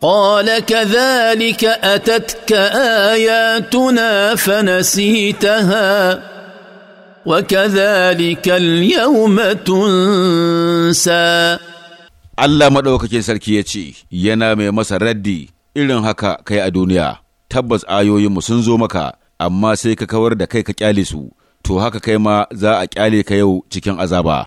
قال كذلك اتتك اياتنا فنسيتها وكذلك اليوم تنسى Allah maɗaukakin sarki ya ce, Yana mai masa raddi irin haka kai a duniya, tabbas ayoyinmu sun zo maka, amma sai ka kawar da kai ka ƙyale su, to haka kai ma za a ƙyale ka yau cikin azaba.